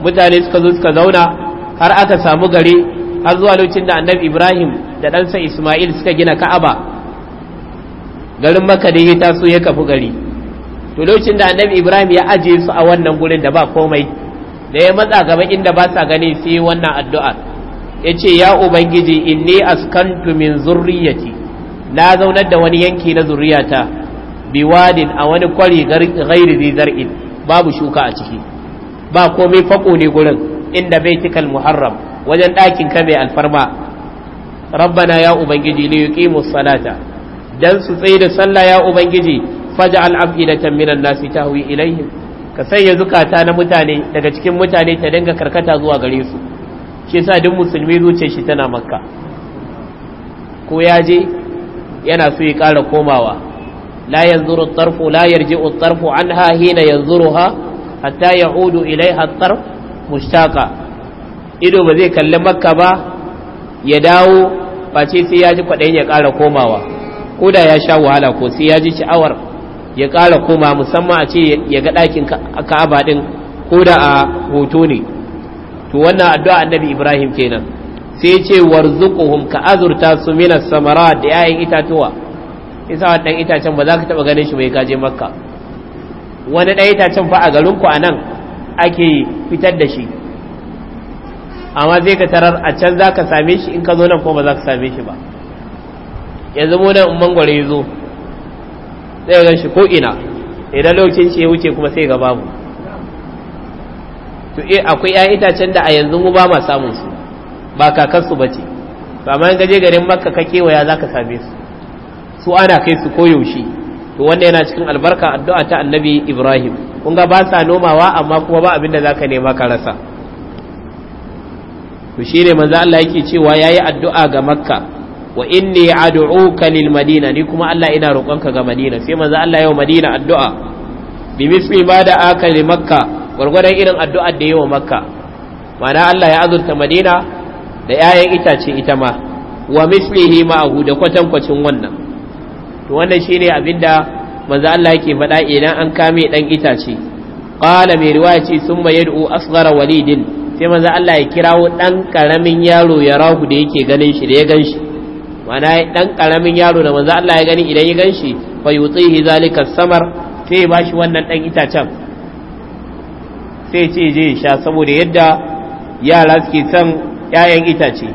mutane suka zo suka zauna har aka samu gari har zuwa lokacin da annabi ibrahim da ɗansa Ismail suka gina Ka'aba garin Makka da ya taso ya kafu gari to lokacin da Annabi Ibrahim ya aje su a wannan gurin da ba komai da ya matsa gaba inda ba sa gani sai wannan addu'a yace ya ubangiji inni askantu min zurriyati na zaunar da wani yanki na zurriyata biwadin a wani kwari ghairi zar'in babu shuka a ciki ba komai fako ne gurin inda baitikal muharram wajen ɗakin ka mai alfarma rabbana ya ubangiji li yuqimu dan su tsaye sallah ya ubangiji Faja faj'al afidatan minan nasi tahwi ilaihim ka sanya zukata na mutane daga cikin mutane ta dinga karkata zuwa gare su shi yasa duk musulmi zuciyar shi tana makka ko ya je yana so ya ƙara komawa la yanzuru tarfu la yarji'u tarfu anha hina yanzuruha hatta ya'udu ilaiha tarf mushtaqa ido ba zai kalli makka ba ya dawo face sai ya ji kwaɗayin ya ƙara komawa ko da ya sha wahala ko sai ya ji sha'awar ya ƙara koma musamman a ce ya ga ɗakin ka'aba ɗin ko da a hoto ne to wannan addu'a annabi ibrahim kenan sai ce warzuquhum ka azurta su mina samara da 'ya'yan itatuwa isa ɗan itacen ba za ka taɓa ganin shi bai kaje makka wani ɗan itacen fa a garinku a nan ake fitar da shi amma zai ka tarar a can za ka same shi in ka zo nan ko ba za ka same shi ba yanzu mu nan mangwaro ya zo zai gan shi ko ina idan lokacin shi ya wuce kuma sai ga babu to eh akwai ya itacen da a yanzu mu ba ma samun su ba kakar su bace to amma in ka je garin makka ka kewaya za ka same su su ana kai su koyaushe to wanda yana cikin albarka addu'a ta annabi ibrahim kun ga ba sa nomawa amma kuma ba abin da za ka nema ka rasa to ne manzo Allah yake cewa ya yi addu'a ga makka wa inni ad'uka lil madina ni kuma Allah ina roƙonka ga madina sai manzo Allah yau madina addu'a bi misli ba da aka li makka gurgurdan irin addu'a da wa makka mana Allah ya azurta madina da yayan itace ita ma wa mislihi ma'ahu da kwatankwacin wannan to wannan shine abinda manzo Allah yake faɗa idan an kame dan itace qala mai riwaya ce summa yad'u asghara walidin sai manzo Allah ya kirawo dan karamin yaro ya ragu da yake ganin shi da ya ganshi mana dan karamin yaro da manzo Allah ya gani idan ya ganshi fa yutihi zalika samar sai ya bashi wannan dan itacen sai ce je sha saboda yadda yara suke san 'ya'yan itace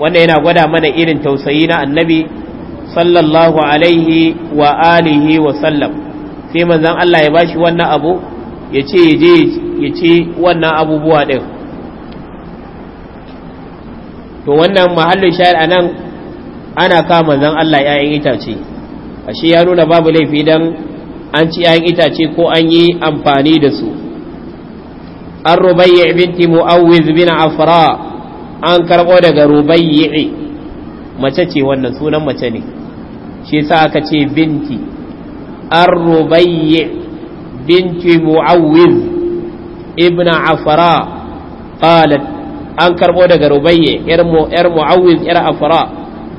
wanda yana gwada mana irin tausayi na annabi sallallahu alaihi wa alihi wa sallam sai manzon Allah ya bashi wannan abu ya ce ya ce wannan abubuwa din to wannan mahallin shayar a nan ana kama zan Allah ‘ya'yan itace ashe ya nuna babu laifi don an ci ‘ya'yan itace ko an yi amfani da su an rubayya binti mu'awiz bin afra an karɓo daga rubayya mace ce wannan sunan mace ne shi sa aka ce binti an rubayya binti mu'awiz ibn afra قالت an karbo daga rubayye yar mu'awiz yar afra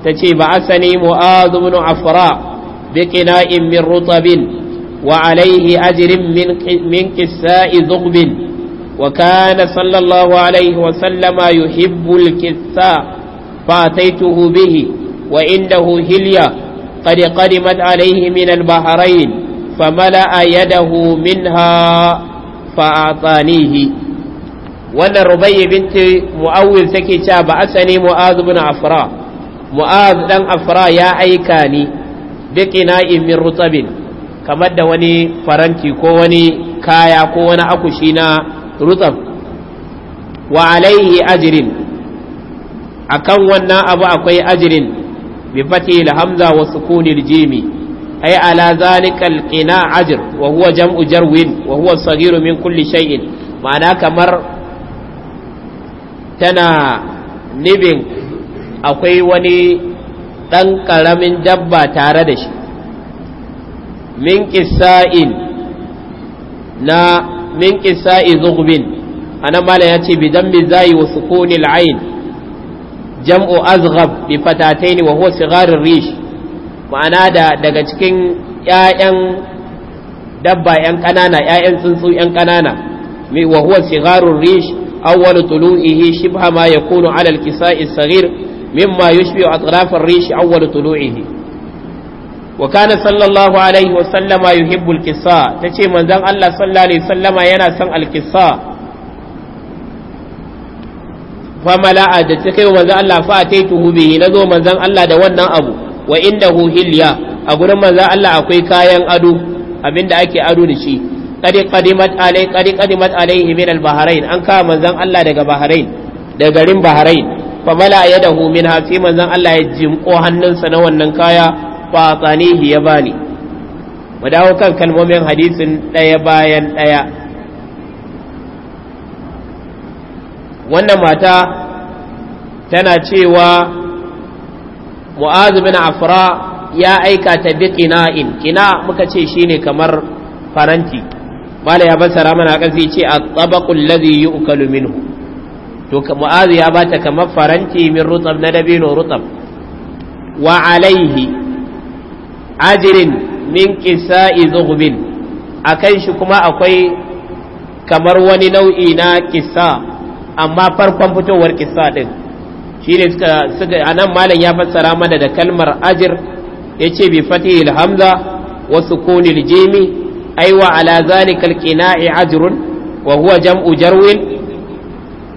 ta ce ba asani mu'azu bin afra bi qina'in min rutabin wa alaihi ajrin min qissa'i zughbin wa kana sallallahu alaihi wa sallama yuhibbu al-qissa فأتيته به وإنه هلية قد قدمت عليه من البحرين فملأ يده منها فأعطانيه wannan rubai binti mu'awil take cewa ba asani mu'az ibn afra mu'az dan afra ya aika ni biqina'in min rutabin kamar da wani faranti ko wani kaya ko wani akushi na rutab wa alaihi ajrin akan wannan abu akwai ajrin bi fatil hamza wa sukunil jimi أي على ذلك wa عجر وهو جمع wa وهو الصغير من كل شيء ma'ana kamar. tana nibin akwai wani ɗan ƙaramin dabba tare da shi min ƙisa'in na min ƙisa'i zugubin a nan mala ya ce bi don bidan bizayi wasu sukunin ayin jam'u azghab bi fatatai ne wa huwa sigarin rish ma'ana da daga cikin ‘ya'yan dabba ‘yan ƙanana ‘ya'yan tsuntsu ‘yan ƙanana wa huwa sigarin rish أول طلوعه شبه ما يكون على الكساء الصغير مما يشبه أطراف الريش أول طلوعه وكان صلى الله عليه وسلم يحب الكساء تشي من ذن الله صلى الله عليه وسلم ينا سن الكساء فملأ تتكي من ذن الله فأتيته به نزو من ذن الله دونا أبو وإنه هليا أقول من ذن الله أقوي كاين أدو abinda ake ado da shi qad qadimat alai qad qadimat alaihi min al-bahrain an ka manzan Allah daga bahrain daga garin bahrain fa mala yadahu min hafi manzon Allah ya ko hannunsa na wannan kaya fa tsanihi ya bani mu dawo kan kalmomin hadisin daya bayan daya wannan mata tana cewa mu'az bin afra ya aika ta bi qina'in muka ce shine kamar faranti mala ya fassara mana kan sai ce at-tabaqu alladhi yu'kalu minhu to mu'azu ya bata kamar faranti min rutab na dabino rutab wa alaihi ajrin min qisa'i zughbin akan shi kuma akwai kamar wani nau'i na kisa amma farkon fitowar kisa din shi ne suka a nan malam ya fassara mana da kalmar ajir ya ce bi fatihil hamza wasu kunil jimi ai wa ala zalika alqina'i ajrun wa huwa jam'u jarwin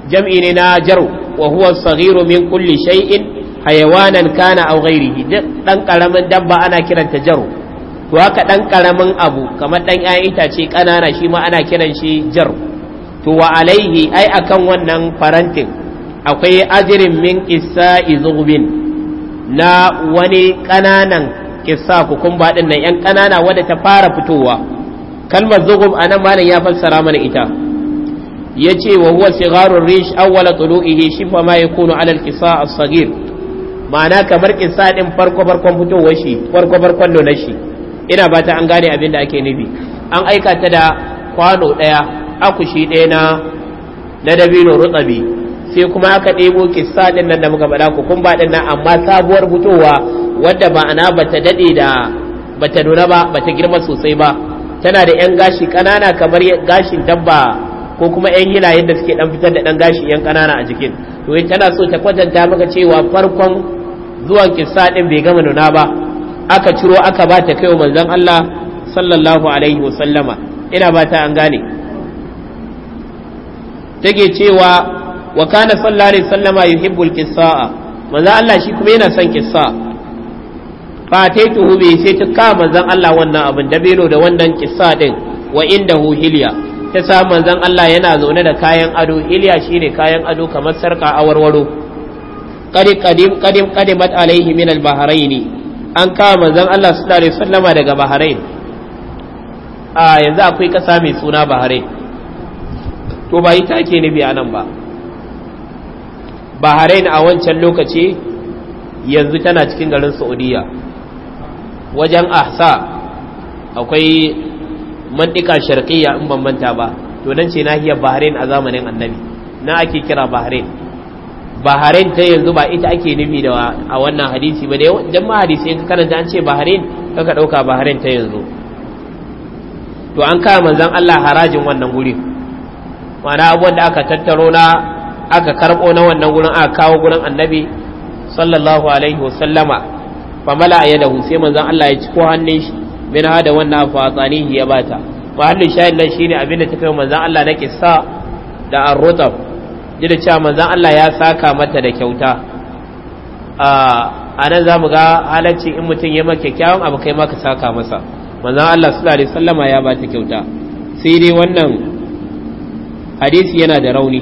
jam'i ne na jarw wa huwa saghiru min kulli shay'in hayawanan kana aw ghairihi dan karamin dabba ana kiranta jarw to haka dan karamin abu kamar dan ƴaƴan itace kanana shi ma ana kiran shi jarw to wa alaihi ai akan wannan farantin akwai ajirin min isa'i zughbin na wani ƙananan kissa kukumba ɗin nan ‘yan ƙanana wadda ta fara fitowa kalmar zugum nan malam ya fassara mana ita yace wa huwa sigarun rish awwala tulu'ihi shi ma yakunu ala al-qisa as-saghir ma'ana kamar kisa din farko farkon fitowar shi farko farkon donar shi ina ba ta an gane abin da ake nufi an aika ta da kwano daya akushi daya na na dabino rutsabi sai kuma aka ɗebo kisa din nan da muka faɗa kukumba din nan amma sabuwar fitowa wadda ba'ana bata dade da bata nuna ba bata girma sosai ba tana da yan gashi kanana kamar gashin dabba ko kuma yan hilayen yadda suke ɗan fitar da ɗan gashi yan kanana a jikin to tana so ta kwatanta maka cewa farkon zuwan kissa ɗin bai gama nuna ba aka ciro aka ba ta kai manzon Allah sallallahu alaihi wa sallama. ina ba ta an gane take cewa wa kana sallallahu alaihi sallama yuhibbul qissa'a manzon Allah shi kuma yana son qissa fa taituhu bi sai ta ka manzon Allah wannan abin dabino da wannan kissa din wa inda hu hilya ta sa manzon Allah yana zaune da kayan ado hilya shine kayan ado kamar sarka a warwaro kadi kadim kadim kadimat alaihi min al an ka manzon Allah sallallahu alaihi wasallama daga bahrain a yanzu akwai kasa mai suna bahrain to ba ita ake nufi a ba bahrain a wancan lokaci yanzu tana cikin garin saudiya wajen sa akwai mandika sharqiyya in ban manta ba to dan ce nahiyar bahrain a zamanin annabi na ake kira bahrain bahrain ta yanzu ba ita ake nufi da a wannan hadisi ba da dan ma hadisi in ka karanta an ce bahrain kaka dauka bahrain ta yanzu to an kama manzon Allah harajin wannan guri mana abubuwan da aka tattaro na aka karbo na wannan gurin aka kawo gurin annabi sallallahu alaihi wasallama fa mala yadahu sai manzon Allah ya ko hannun shi min hada wannan fa tsanihi ya bata mahallin shahid nan shine abin da ta kai manzon Allah na kissa da ar-rutab da cewa manzon Allah ya saka mata da kyauta a nan za mu ga halaccin in mutum ya maka kyakkyawan abu kai maka saka masa manzon Allah sallallahu alaihi wasallama ya bata kyauta sai dai wannan hadisi yana da rauni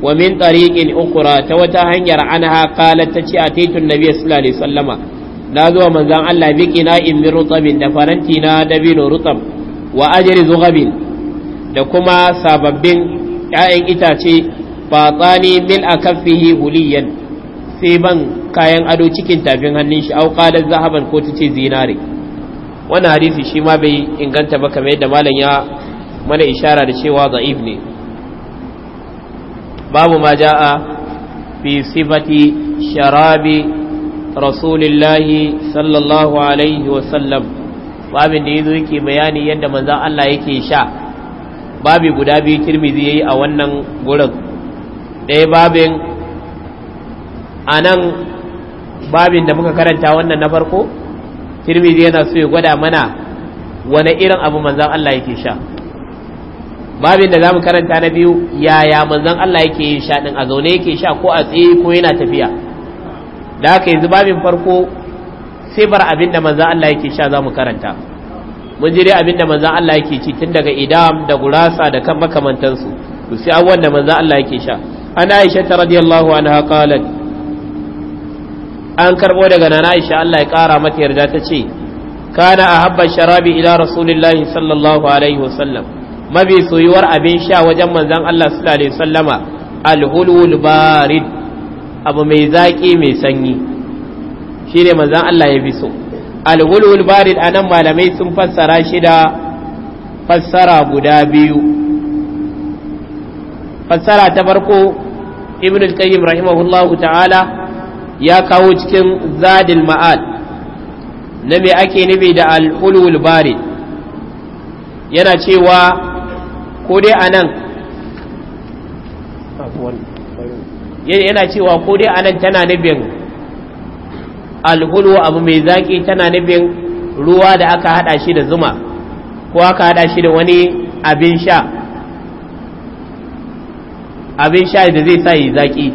wa min tariqin ukhra ta wata hanyar anha qalat tace ataitu annabi sallallahu alaihi wasallama na zuwa manzan Allah biki na imin rutsabin da faranti na dabino rutsab wa ajri zughabin da kuma sababbin 'ya'yan itace ba-tsani mil a akaffihi huliyan sai ban kayan ado cikin tafin hannun shi au da zahaban ko tace zinare wannan hadisi shi ma bai inganta ba kamar yadda malam ya mana ishara da cewa da'if ne babu ma jaa fi sifati sharabi رسول الله صلى الله عليه وسلم babin da yazo yake bayani yadda manzon Allah yake sha babi guda biyu Tirmidhi yayi a wannan gurin dai babin anan babin da muka karanta wannan na farko Tirmidhi yana so ya gwada mana wani irin abu manzo Allah yake sha babin da za mu karanta na biyu yaya manzo Allah yake yin sha din a zaune yake sha ko a tsaye ko yana tafiya da haka yanzu babin farko sai bar abin da manzan Allah yake sha za mu karanta mun jire dai abin da manzan Allah yake ci tun daga idam da gurasa da kan makamantansu to sai abubuwan da manzan Allah yake sha an aisha ta radiyallahu anha qalat an karɓo daga nana aisha Allah ya ƙara mata yarda ta ce kana ahabba sharabi ila rasulillahi sallallahu alaihi wasallam mabi soyuwar abin sha wajen manzan Allah sallallahu alaihi wasallama alhulul barid abu mai zaƙi mai sanyi shi ne manzan Allah ya fi so alwulwul barid a nan malamai sun fassara shida da fassara guda biyu fassara ta farko ibn al-qayyim rahimahullahu ta'ala ya kawo cikin zadil ma'al na me ake nufi da alwulwul barid yana cewa ko dai anan nan yana cewa ko dai anan tana nufin alhulu abu mai zaki tana nufin ruwa da aka hada shi da zuma ko aka hada shi da wani abin sha abin sha da zai sa yi zaki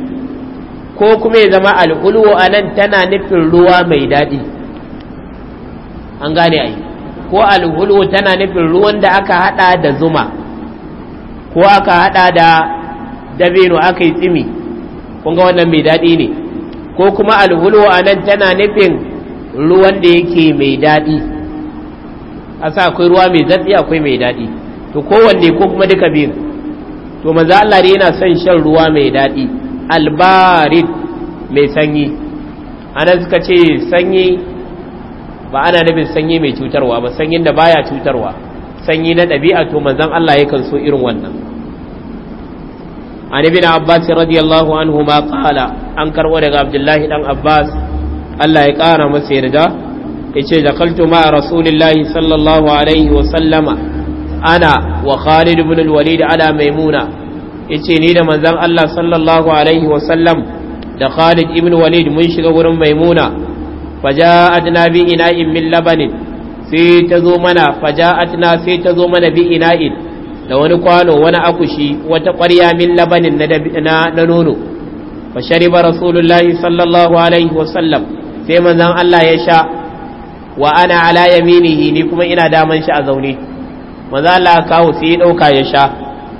ko kuma ya zama alhulu anan tana nufin ruwa mai daɗi an gane ai ko alhulu tana nufin ruwan da aka hada da zuma ko aka hada da dabino aka yi tsimi kun ga wannan mai daɗi ne ko kuma alhulu a nan tana nufin ruwan da yake mai daɗi a sa akwai ruwa mai zafi akwai mai daɗi to kowanne ko kuma duka biyu to maza Allah ne yana son shan ruwa mai daɗi albarid mai sanyi ana suka ce sanyi ba ana nufin sanyi mai cutarwa ba sanyin da baya cutarwa sanyi na ɗabi'a to manzan Allah yakan so irin wannan an ibn abbas radiyallahu anhu ma qala an karɓo daga abdullahi ɗan abbas Allah ya kara masa yarda yace dakaltu ma rasulillahi sallallahu alaihi wa sallama ana wa khalid ibn al-walid ala maimuna yace ni da manzon Allah sallallahu alaihi wa sallam da khalid ibn walid mun shiga wurin maimuna faja'atna bi ina'in min labanin sai ta zo mana sai ta zo mana bi da wani kwano wani akushi wata ƙwarya min labanin na nono fa shariba rasulullahi sallallahu alaihi wasallam sai manzon Allah ya sha wa ana ala yaminihi ni kuma ina daman shi a zaune manzon Allah kawo sai ya ɗauka ya sha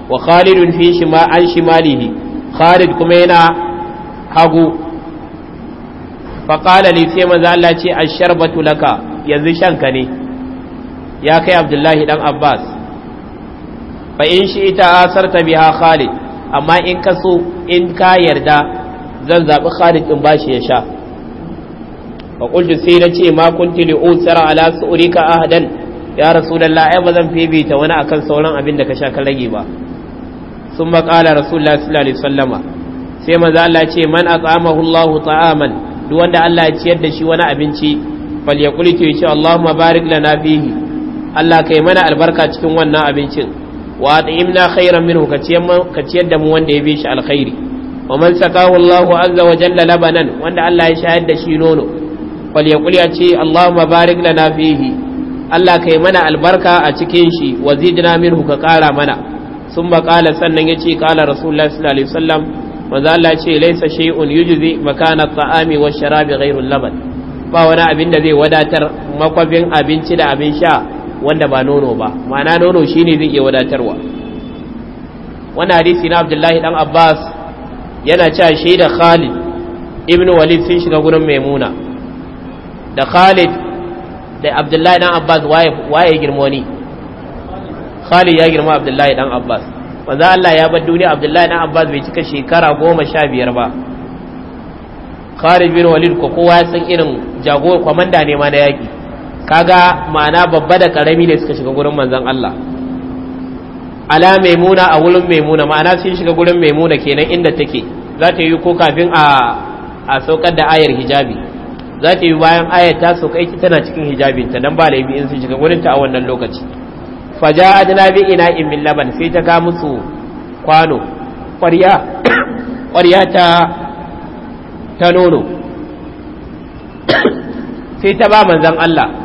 wa khalidun fi shima an shimalihi khalid kuma yana hagu fa qala sai manzon Allah ce ash-sharbatu laka yanzu shanka ne ya kai abdullahi dan abbas fa in shi ita asarta biha Khalid amma in ka so in ka yarda zan zabi Khalid din bashi ya sha fa qultu sai na ce ma kunti li usara ala su'rika ahadan ya rasulullah ai bazan fifita wani akan sauran abin da ka sha ka rage ba Sun قال رسول الله صلى الله sai manzo Allah ce man at'amahu Allah ta'aman duk wanda Allah ya ciyar da shi wani abinci ya ce yace Allahumma barik lana fihi Allah kai mana albarka cikin wannan abincin wa imna khairan minhu ka ciyar da mu wanda ya bi shi alkhairi wa man sakahu Allah azza wa jalla labanan wanda Allah ya shayar da shi nono wal yaqul ya ce Allahumma barik lana fihi Allah kai mana albarka a cikin shi wa zidna minhu ka kara mana sun ba sannan ya ce kala rasulullah sallallahu alaihi wasallam manzo Allah ya ce laisa shay'un yujzi makana at-ta'ami wash-sharabi ghayru laban ba wani abin da zai wadatar makwabin abinci da abin sha wanda ba nono ba ma'ana nono shine zai iya wadatarwa wannan hadisi na abdullahi dan abbas yana cewa shi da khalid ibn walid sun shiga gurin maimuna da khalid da abdullahi dan abbas waye girmo ne khalid ya girma abdullahi dan abbas manzo Allah ya bar duniya abdullahi dan abbas bai cika shekara goma sha biyar ba khalid bin walid ko kowa ya san irin jagoran kwamanda ne ma na yaki kaga ma'ana babba da karami ne suka shiga gurin manzon Allah ala maimuna a wurin maimuna ma'ana sun shiga gurin maimuna kenan inda take za ta yi ko kafin a a saukar da ayar hijabi za ta yi bayan ayar ta sauka ita tana cikin hijabinta dan ba laifi in sun shiga gurin ta a wannan lokaci faja adna bi ina in min laban sai ta ga musu kwano ƙwarya ƙwarya ta ta nono sai ta ba manzan Allah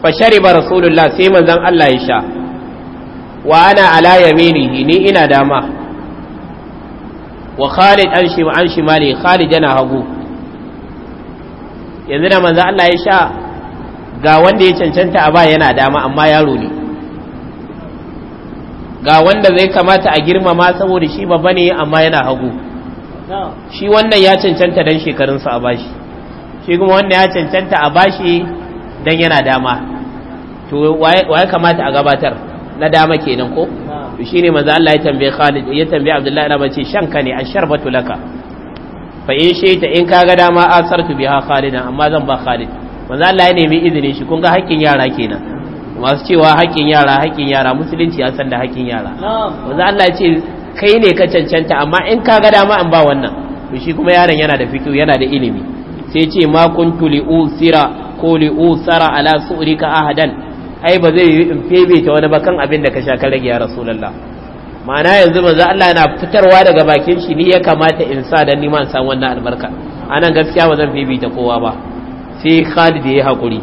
fa ba rasulullah sai manzan Allah ya sha wa ana ala yaminihi ni ina dama wa Khalid an shi an mali Khalid yana hagu yanzu da manzan Allah ya sha ga wanda ya cancanta a ba yana dama amma yaro ne ga wanda zai kamata a girmama saboda shi babba ne amma yana hagu shi wannan ya cancanta dan shekarunsa a bashi shi kuma wannan ya cancanta a bashi dan yana dama to waye kamata a gabatar na dama kenan ko to shine manzo Allah ya tambaye Khalid ya tambaye Abdullahi da bace shanka ne sharbatu laka fa in shaita in kaga dama asartu biha Khalid amma zan ba Khalid manzo Allah ya nemi izinin shi kun ga hakkin yara kenan masu cewa hakkin yara hakkin yara musulunci ya san da hakkin yara manzo Allah ya ce kai ne ka cancanta amma in kaga dama an ba wannan to shi kuma yaron yana da fikihu yana da ilimi sai ce ma kuntu li usira ko usara ala su'rika ahadan ai ba zai yi in febeta wani bakan abin da ka sha ka rage ya rasulullah ma'ana yanzu manzo Allah yana fitarwa daga bakin shi ni ya kamata in sa dan niman san wannan albarka anan gaskiya ba zan ta kowa ba sai Khalid ya hakuri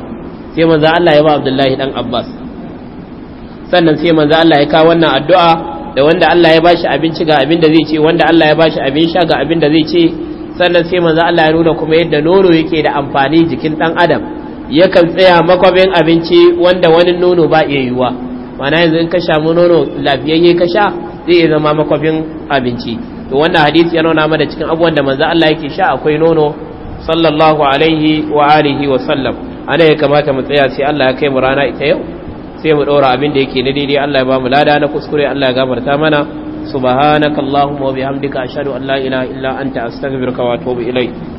sai manzo Allah ya ba Abdullahi dan Abbas sannan sai manzo Allah ya kawo wannan addu'a da wanda Allah ya bashi abinci ga abin da zai ce wanda Allah ya bashi abin sha ga abin da zai ce sannan sai manzo Allah ya nuna kuma yadda nono yake da amfani jikin dan adam yakan tsaya makwabin abinci wanda wani nono ba iya yiwuwa mana yanzu in ka shamu nono lafiyayye ka sha zai iya zama makwabin abinci to wannan hadisi ya nuna mana cikin abubuwan da manzo Allah yake sha akwai nono sallallahu alaihi wa alihi wa sallam ana ya kamata mu tsaya sai Allah ya kai mu rana ita yau sai mu dora abin da yake na daidai Allah ya ba mu lada na kuskure Allah ya gafarta mana subhanakallahumma wa bihamdika ashhadu an la ilaha illa anta astaghfiruka wa atubu ilaik